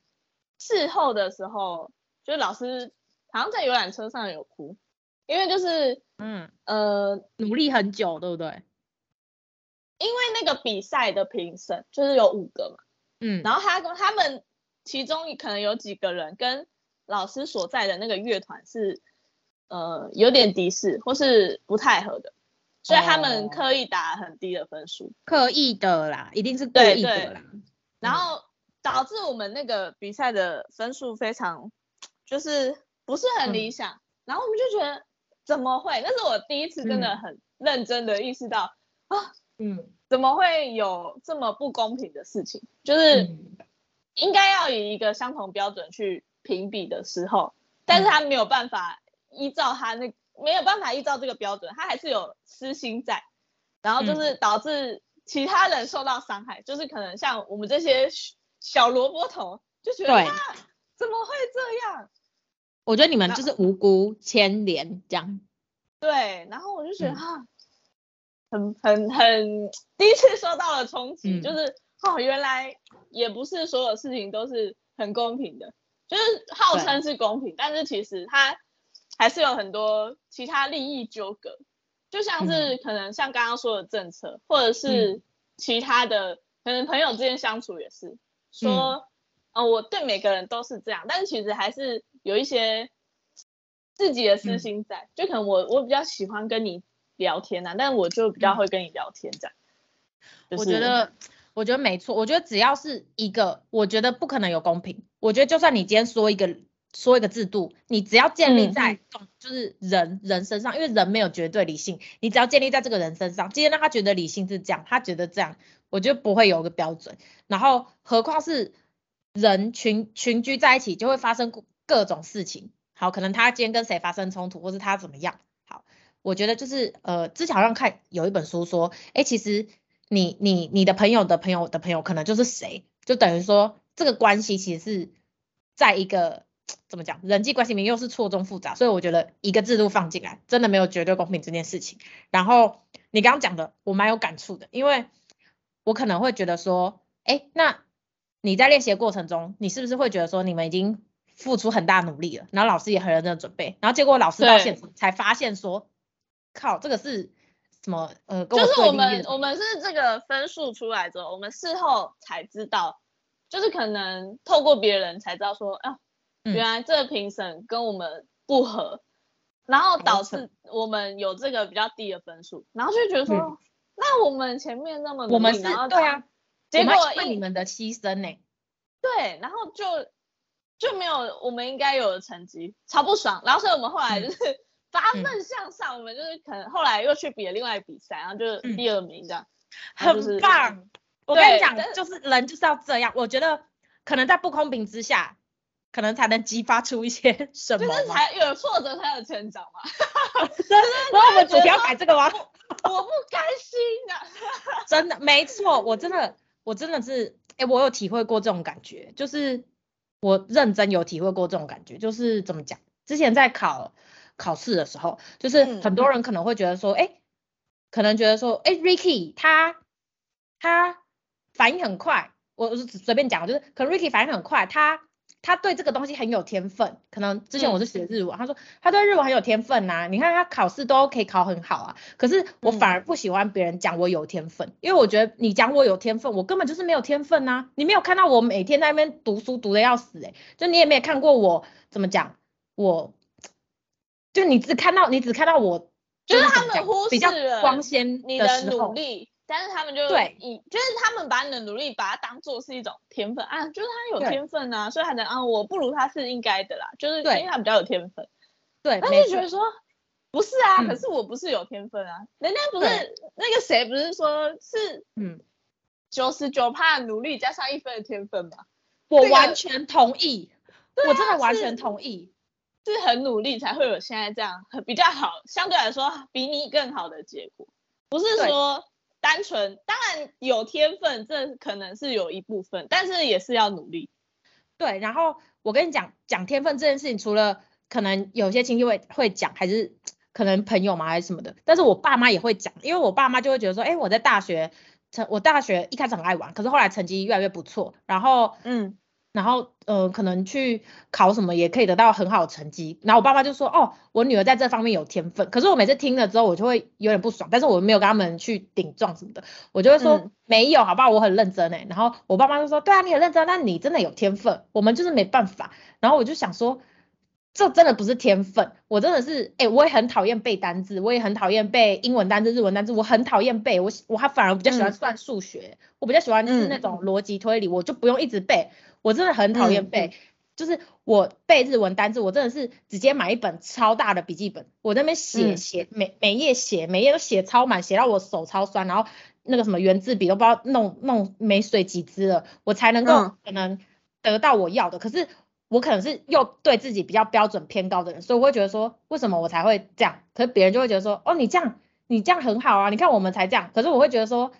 事後的時候，就是老師好像在遊覽車上有哭，因為就是，嗯呃，努力很久，對不對？因為那個比賽的評審就是有五個嘛，嗯，然後他跟他們。其中可能有幾個人跟老師所在的那個樂團是，呃，有點敵視或是不太合的，所以他們刻意打很低的分數。哦，刻意的啦，一定是故意的啦。對、對，然後導致我們那個比賽的分數非常，就是不是很理想。嗯、然後我們就覺得，怎麼會？那是我第一次真的很認真的意識到，嗯、啊，嗯，怎麼會有這麼不公平的事情？就是。嗯應該要以一個相同標準去評比的時候，但是他沒有辦法依照他那、嗯、沒有辦法依照這個標準，他還是有私心在，然後就是導致其他人受到傷害，嗯、就是可能像我們這些小蘿蔔頭就覺得對、啊、怎麼會這樣？我覺得你們就是無辜牽連這樣，對，然後我就覺得哈、嗯、很很很第一次受到了衝擊，嗯、就是哦原來。也不是所有事情都是很公平的，就是號稱是公平，對但是其實它還是有很多其他利益糾葛，就像是可能像剛剛說的政策，或者是其他的，嗯、可能朋友之間相處也是說，哦、嗯呃，我對每個人都是這樣，但是其實還是有一些自己的私心在，嗯、就可能我我比較喜歡跟你聊天吶、啊，但我就比較會跟你聊天這樣，就是、我覺得。我覺得沒錯，我覺得只要是一個，我覺得不可能有公平。我覺得就算你今天說一個說一個制度，你只要建立在就是人人身上，因為人沒有絕對理性，你只要建立在這個人身上，今天讓他覺得理性是這樣，他覺得這樣，我覺得不會有個標準。然後何況是人群群居在一起，就會發生各種事情。好，可能他今天跟誰發生衝突，或是他怎麼樣。好，我覺得就是呃，之前好像看有一本書說，哎、欸，其實。你你你的朋友的朋友的朋友，可能就是誰，就等於說這個關係其實是在一個怎麼講人際關係裡面又是錯綜複雜，所以我覺得一個制度放進來，真的沒有絕對公平這件事情。然後你剛剛講的，我蠻有感觸的，因為我可能會覺得說，哎，那你在練習的過程中，你是不是會覺得說你們已經付出很大努力了，然後老師也很認真準備，然後結果老師到現場才發現說，對靠，這個是。什麼呃，就是我們我們是這個分數出來之後，我們事後才知道，就是可能透過別人才知道說，啊，原來這個評審跟我們不合，嗯、然後導致我們有這個比較低的分數，然後就覺得說，嗯、那我們前面那麼努力，我們是，然後對啊，結果是你們的犧牲呢，對，然後就就沒有我們應該有的成績，超不爽，然後所以我們後來就是。嗯發奮向上，我們就是可能後來又去比了另外一比賽，嗯、然後就是第二名這樣，很棒。嗯、我跟你講，對就是人就是要這樣，我覺得可能在不公平之下，是可能才能激發出一些什麼，就是才有挫折才有成長嘛。真的，然後我們主題要改這個嗎？我不甘心、啊、 的，真的沒錯，我真的我真的是、欸，我有體會過這種感覺，就是我認真有體會過這種感覺，就是怎麼講，之前在考。考試的時候，就是很多人可能會覺得說，哎、嗯欸，可能覺得說，哎、欸、Ricky 他他反應很快，我是隨便講，就是可能 Ricky 反應很快，他他對這個東西很有天分，可能之前我是學日文，嗯、他說他對日文很有天分吶、啊，你看他考試都可以考很好啊，可是我反而不喜歡別人講我有天分，嗯、因為我覺得你講我有天分，我根本就是沒有天分吶、啊，你沒有看到我每天在那邊讀書讀得要死哎、欸，就你也沒有看過我怎麼講我。就你只看到，你只看到我，就是他們忽視，光鮮，你的努力，但是他們就對，就是他們把你的努力把它當做是一種天分啊，就是他有天分啊，所以他能啊，我不如他是應該的啦，就是因為他比較有天分，對，但是覺得說不是啊，可是我不是有天分啊，人家不是那個誰不是說是嗯九十九%努力加上一分的天分嘛，我完全同意，我真的完全同意。是很努力才會有現在這樣，比較好，相對來說比你更好的結果，不是說單純，對當然有天分，這可能是有一部分，但是也是要努力。對，然後我跟你講，講天分這件事情，除了可能有些親戚會會講，還是可能朋友嘛還是什麼的，但是我爸媽也會講，因為我爸媽就會覺得說，哎，我在大學成，我大學一開始很愛玩，可是後來成績越來越不錯，然後嗯。然後，呃，可能去考什麼也可以得到很好的成績。然後我爸爸就說：“哦，我女兒在這方面有天分。”可是我每次聽了之後，我就會有點不爽，但是我沒有跟他們去頂撞什麼的，我就會說：“嗯、沒有，好不好，我很認真哎。”然後我爸媽就說：“對啊，你很認真，但你真的有天分，我們就是沒辦法。”然後我就想說，這真的不是天分，我真的是哎、欸，我也很討厭背單詞，我也很討厭背英文單字、日文單詞，我很討厭背，我我還反而比較喜歡算數學，嗯、我比較喜歡就是那種邏輯推理，嗯、我就不用一直背。我真的很討厭背，嗯嗯、就是我背日文單字，我真的是直接買一本超大的筆記本，我在那邊寫寫，每每頁寫，每頁都寫超滿，寫到我手超酸，然後那個什麼原子筆，都不知道弄弄沒水幾支了，我才能夠可能得到我要的。嗯、可是我可能是又對自己比較標準偏高的人，所以我會覺得說，為什麼我才會這樣？可是別人就會覺得說，哦，你這樣，你這樣很好啊，你看我們才這樣。可是我會覺得說，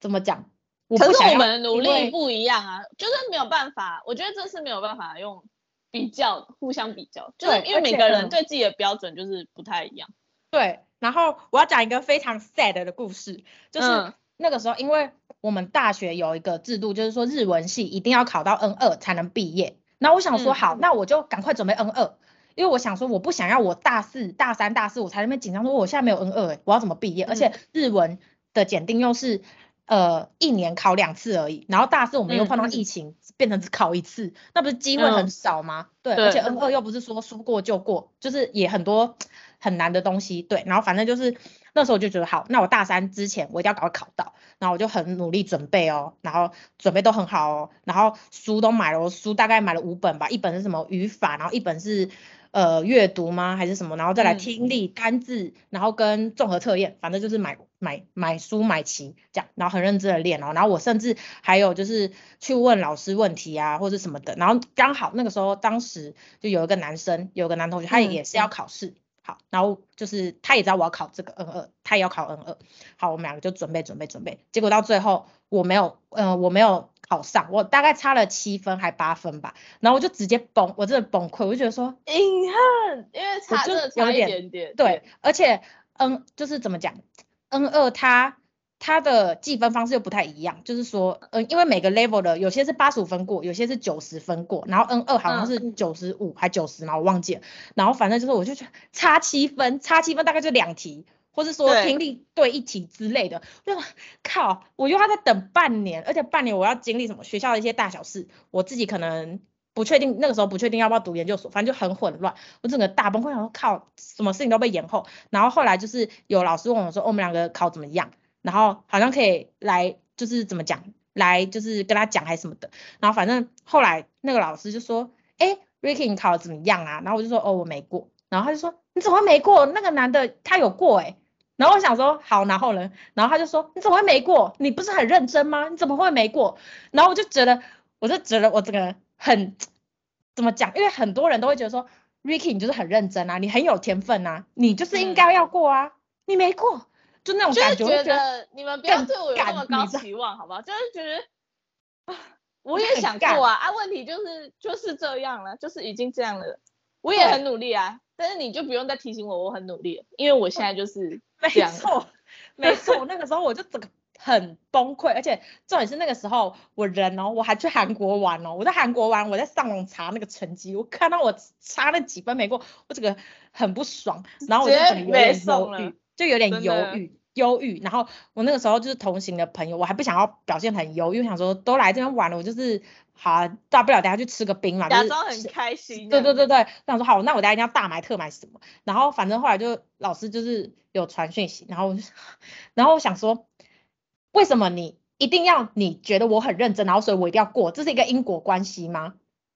怎麼講？不可是我們努力不一樣啊，因為就是沒有辦法，我覺得這是沒有辦法用比較互相比較，就是，因為每個人對自己的標準就是不太一樣。對，嗯、對，然後我要講一個非常 sad 的故事，就是那個時候，因為我們大學有一個制度，就是說日文系一定要考到 N 二才能畢業。那我想說，好，嗯、那我就趕快準備 N 二，因為我想說，我不想要我大四、大三、大四我才那邊緊張，說我現在沒有 N 二，欸，我要怎麼畢業？而且日文的檢定又是。呃，一年考兩次而已，然後大四我們又碰到疫情，嗯、變成只考一次，那不是機會很少嗎？嗯、對，而且 N 二又不是說說過就過，對就是也很多很難的東西，對。然後反正就是那時候我就覺得好，那我大三之前我一定要趕快考到，然後我就很努力準備哦，然後準備都很好哦，然後書都買了，我書大概買了五本吧，一本是什麼語法，然後一本是。呃，閱讀嗎？還是什麼？然後再來聽力單、嗯、單字，然後跟綜合測驗，反正就是買買買書買齊這樣，然後很認真的練，然後，然後我甚至還有就是去問老師問題啊，或者什麼的。然後剛好那個時候，當時就有一個男生，有個男同學，他也是要考試，嗯、好，然後就是他也知道我要考這個 N 二，他也要考 N 二，好，我們兩個就準備準備準備，結果到最後我沒有，嗯，我沒有。呃考上，我大概差了七分還八分吧，然後我就直接崩，我真的崩潰，我就覺得說遺憾，因為差這差一點點，點對，對，而且嗯，就是怎麼講，N 二它它的計分方式又不太一樣，就是說嗯，因為每個 level 的有些是八十五分過，有些是九十分過，然後 N 二好像是九十五還九十嘛，我忘記了，然後反正就是我就差七分，差七分大概就兩題。或是說聽力對一題之類的，對我就靠，我以為他在等半年，而且半年我要經歷什麼學校的一些大小事，我自己可能不確定那個時候不確定要不要讀研究所，反正就很混亂，我整個大崩潰，然後靠，什麼事情都被延後，然後後來就是有老師問我說，我們兩個考怎麼樣，然後好像可以來就是怎麼講來就是跟他講還是什麼的，然後反正後來那個老師就說，哎、欸、，Ricky 你考的怎麼樣啊？然後我就說哦我沒過，然後他就說你怎麼沒過？那個男的他有過哎、欸。然後我想說好，然後呢，然後他就說你怎麼會沒過？你不是很認真嗎？你怎麼會沒過？然後我就覺得，我就覺得我這個人很怎麼講？因為很多人都會覺得說，Ricky 你就是很認真啊，你很有天分啊，你就是應該要過啊，嗯、你沒過，就那種感覺。就是覺得，覺得你們不要對我有那麼高期望，好不好？就是覺得、啊、我也想過啊，啊，問題就是就是這樣了，就是已經這樣了，我也很努力啊。但是你就不用再提醒我，我很努力，因為我現在就是這樣。沒錯，沒錯。那個時候我就整個很崩潰， 而且重點是那個時候我人哦，我還去韓國玩哦。我在韓國玩，我在上網查那個成績，我看到我差那幾分沒過，我整個很不爽，然後我就有點憂鬱，就有點憂鬱、憂鬱的。然後我那個時候就是同行的朋友，我還不想要表現很憂鬱，因為想說都來這邊玩了，我就是。好啊，大不了等下去吃個冰嘛，假裝就是很開心。對對對對，這樣說好，那我大家一定要大買特買什麼？然後反正後來就老師就是有傳訊息，然後我就然後我想說，為什麼你一定要你覺得我很認真，然後所以我一定要過，這是一個因果關係嗎？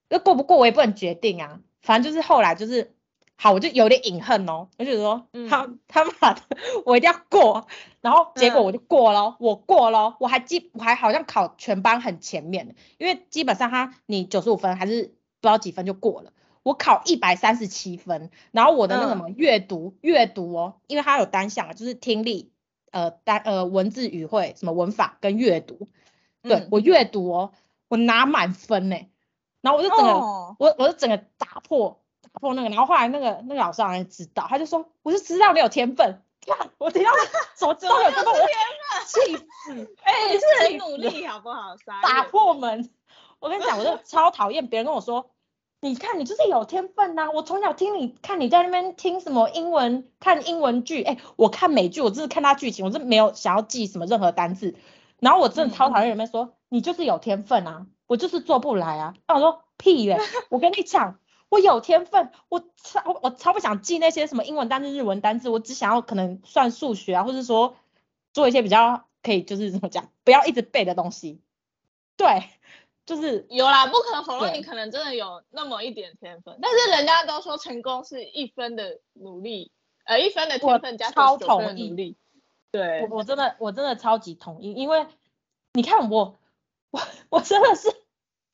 那過不過我也不能決定啊，反正就是後來就是。好，我就有點隱恨哦，我就說，嗯，他媽的，我一定要過，然後結果我就過了。嗯、我過了，我還記，我還好像考全班很前面，因為，基本上他你九十五分還是不知道幾分就過了，我考一百三十七分，然後我的那個什麼閱讀、嗯、閱讀哦，因為他有單項啊，就是聽力，呃單呃文字語彙什麼文法跟閱讀，對、嗯、我閱讀哦，我拿滿分呢。然後我就整個、哦、我我就整個打破。那個、然後後來那個那個老師還知道，他就說，我就知道你有天分，看我知道什麼都沒有，什麼天啊，氣 死！哎、欸，你是很努力好不好，打破門。 我跟你講，我就超討厭別人跟我說， 你看你就是有天分吶、啊，我從小聽你，看你在那邊聽什麼英文，看英文劇，哎、欸，我看美劇，我就是看他劇情，我就是沒有想要記什麼任何單字。然後我真的超討厭人們說，嗯、你就是有天分啊，我就是做不來啊。然後我說屁嘞、欸，我跟你講。 我有天分，我超我超不想記那些什麼英文單字、日文單字，我只想要可能算數學啊，或者說做一些比較可以，就是怎麼講，不要一直背的東西。對，就是有啦，不可能否認你可能真的有那麼一點天分，但是人家都說成功是一分的努力，呃，一分的天分加十九分的努力。我超同意。對，我我真的我真的超級同意，因為你看我，我我真的是。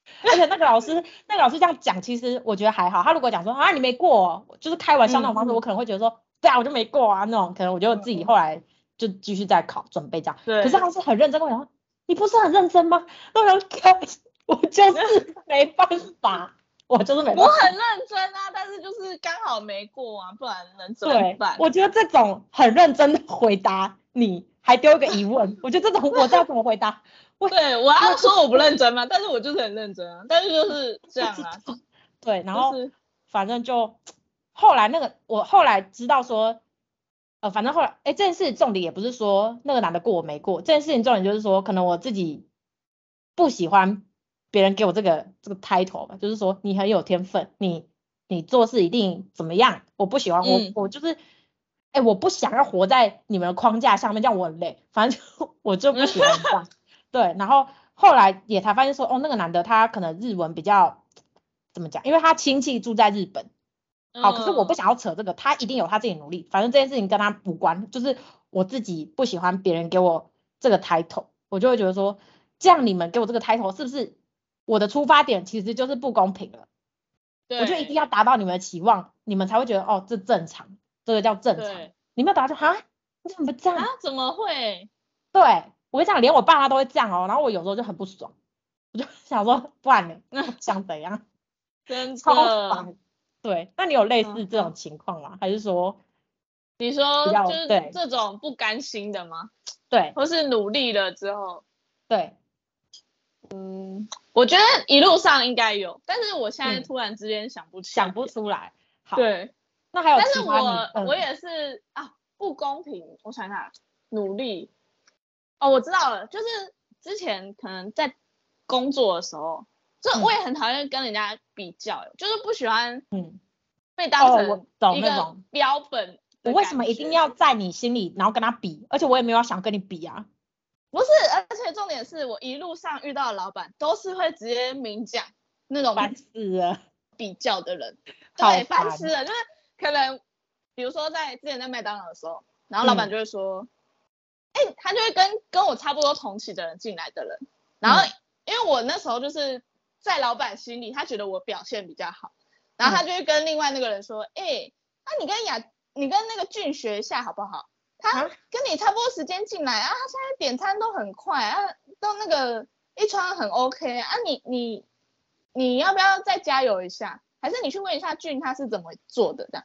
而且那個老師，那個老師這樣講，其實我覺得還好。他如果講說啊，你沒過，哦，就是開玩笑那種方式，嗯、我可能會覺得說，對啊，我就沒過啊那種，可能我就自己後來就繼續再考，準備這樣。對。可是他是很認真，我然後你不是很認真嗎？洛陽開，我就是沒辦法，我就是沒辦法。我很認真啊，但是就是剛好沒過啊，不然能怎麼辦？對，我覺得這種很認真的回答，你還丟一個疑問， 我覺得這種我知道怎麼回答。不我對，我要說我不認真嘛，我但是我就是很認真啊，但是就是這樣啊。 對，然後、就是、反正就後來那個，我後來知道說，呃，反正後來，哎、欸，這件事重點也不是說那個男的過我沒過，這件事情重點就是說，可能我自己不喜歡別人給我這個這個 title 吧，就是說你很有天分，你你做事一定怎麼樣，我不喜歡，嗯、我我就是，哎、欸，我不想要活在你們的框架下面，這樣我累，反正就我就不喜歡這樣。嗯呵呵對，然後後來也才發現說，哦，那個男的他可能日文比較怎麼講，因為他親戚住在日本，好、oh. 哦，可是我不想要扯這個，他一定有他自己努力，反正這件事情跟他無關，就是我自己不喜歡別人給我這個 title，我就會覺得說，這樣你們給我這個 title 是不是我的出發點其實就是不公平了？對，我就一定要達到你們的期望，你們才會覺得哦，這正常，這個叫正常，對你沒有達到，哈，你怎麼這樣？啊，怎麼會？對。我會講，連我爸媽都會這樣哦。然後我有時候就很不爽，我就想說，不然那想怎樣？ 真的，超煩。對，那你有類似這種情況嗎？呵呵還是說，你說就是這種不甘心的嗎？對，或是努力了之後。對，嗯，我覺得一路上應該有，但是我現在突然之間想不起、嗯、想不出來。好，對，那還有，但是我我也是啊，不公平。我想想，想，努力。哦，我知道了，就是之前可能在工作的時候，就我也很討厭跟人家比較，嗯、就是不喜歡，嗯，被當成一種標本、哦我種。我為什麼一定要在你心裡，然後跟他比？而且我也沒有想跟你比啊。不是，而且重點是我一路上遇到的老板都是會直接明講那種，煩死了，比較的人，煩對，煩死了，就是可能比如說在之前在麥當勞的時候，然後老板就會說。嗯哎、欸，他就會跟跟我差不多同期的人進來的人，然後、嗯、因為我那時候就是在老板心裡，他覺得我表現比較好，然後他就會跟另外那個人說，哎、嗯欸，那你跟雅，你跟那個俊學一下好不好？他跟你差不多時間進來蛤啊，他現在點餐都很快啊，都那個一穿很 OK 啊你，你你你要不要再加油一下？還是你去問一下俊他是怎麼做的這樣？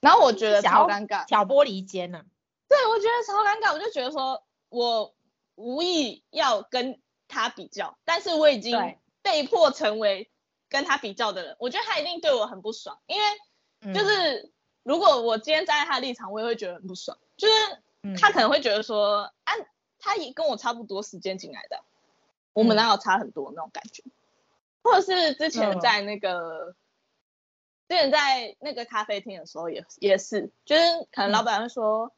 然後我覺得超尷尬，挑撥離間呢。對，我覺得超尷尬。我就覺得說，我無意要跟他比較，但是我已經被迫成為跟他比較的人。對我覺得他一定對我很不爽，因為就是如果我今天站在他的立場，我也會覺得很不爽。就是他可能會覺得說，嗯、啊，他也跟我差不多時間進來的，我們哪有差很多、嗯、那種感覺？或者是之前在那個、嗯、之前在那個咖啡廳的時候也，也也是，就是可能老闆會說。嗯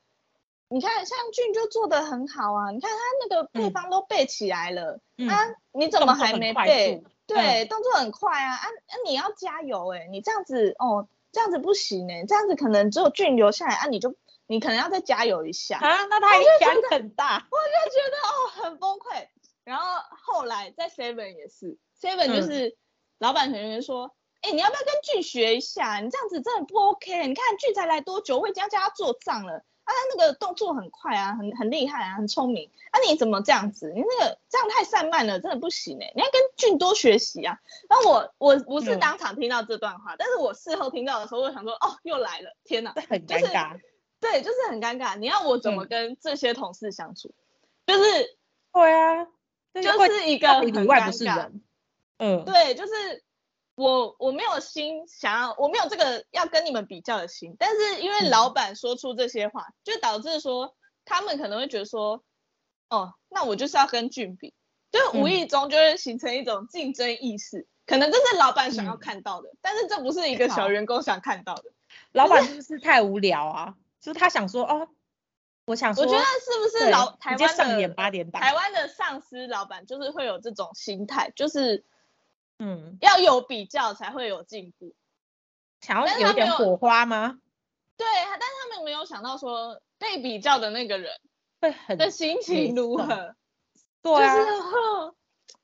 你看，像俊就做得很好啊，你看他那個配方都背起來了、嗯、啊，你怎麼還沒背？對，嗯、動作很快啊，啊，啊你要加油哎、欸，你這樣子哦，這樣子不行哎、欸，這樣子可能只有俊留下來啊，你就你可能要再加油一下啊。那他一加很大我得，我就覺得哦很崩潰。 然後後來在 Seven 也是，Seven 就是、嗯、老板成員說，哎、欸，你要不要跟俊學一下？你這樣子真的不 OK，你看俊才來多久，我已經教他做賬了。啊，那個動作很快啊，很很厲害啊，很聰明。那、啊、你怎麼這樣子？你那個這樣太散漫了，真的不行哎！你要跟俊多學習啊。那我我不是當場聽到這段話，嗯、但是我事後聽到的時候，我想說，哦，又來了，天哪、啊，很尷尬、就是。對，就是很尷尬。你要我怎麼跟這些同事相處？嗯、就是對啊，嗯、就是一個很尷尬。嗯，對，就是。我我沒有心想要，我沒有這個要跟你們比較的心，但是因為老闆說出這些話，嗯、就導致說他們可能會覺得說，哦，那我就是要跟俊比，就無意中就會形成一種競爭意識，嗯、可能這是老闆想要看到的，嗯、但是這不是一個小員工想看到的。好是老闆是不是太無聊啊？就是他想說，哦，我想說，我覺得是不是老對台灣的8 8台灣的上司老闆就是會有這種心態，就是。嗯，要有比較才會有進步，想要有點火花嗎他？對，但是他們沒有想到說被比較的那個人會很的心情如何，很就是、對啊，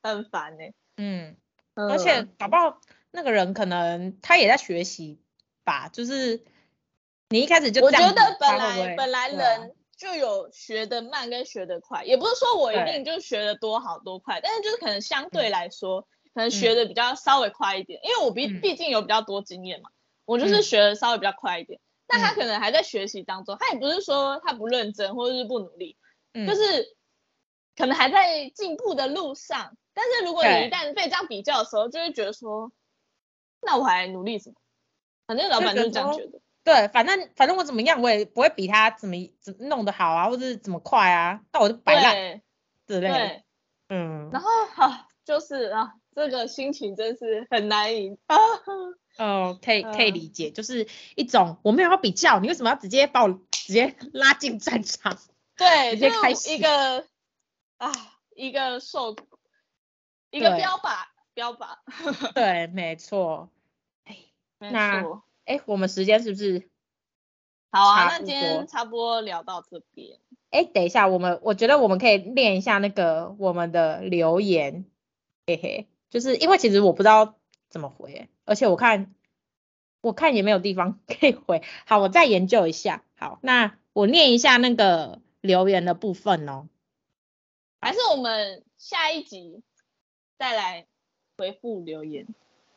很煩呢、欸。嗯，而且搞不好那個人可能他也在學習吧，就是你一開始就我覺得本來會會本來人就有學得慢跟學得快，啊、也不是說我一定就學得多好多快，對但是就是可能相對來說。嗯可能學的比較稍微快一點，嗯、因為我畢畢竟有比較多經驗嘛，嗯、我就是學的稍微比較快一點。嗯、但他可能還在學習當中，嗯、他也不是說他不認真或者是不努力，嗯、就是可能還在進步的路上。但是如果你一旦被這樣比較的時候，對就會覺得說，那我還努力什麼？反正老板就是這樣覺得。對，反正反正我怎麼樣，我也不會比他怎麼怎麼弄得好啊，或者是怎麼快啊，那我就擺爛。對。對。之類的。嗯。然後好、啊，就是啊。這個心情真是很難以啊！哦，可以可以理解，就是一種我沒有要比較，你為什麼要直接把我直接拉進戰場？對，直接開始一個啊，一個受，一個標靶對標靶。標靶對， 沒錯錯。那哎錯、欸，我們時間是不是？好啊，那今天差不多聊到這邊。哎、欸，等一下，我們我覺得我們可以練一下那個我們的留言，嘿嘿。就是因為其實我不知道怎麼回，而且我看我看也沒有地方可以回。好，我再研究一下。好，那我念一下那個留言的部分哦、喔。還是我們下一集再來回復留言？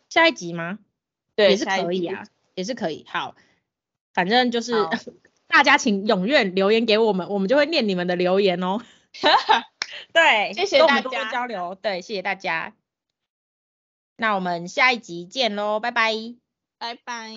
下一集嗎？對，也是可以啊，也是可以。好，反正就是好大家請踴躍留言給我們，我們就會念你們的留言哦、喔。 對，謝謝大家多交流。對，謝謝大家。那我們下一集見嘍，拜拜，拜拜。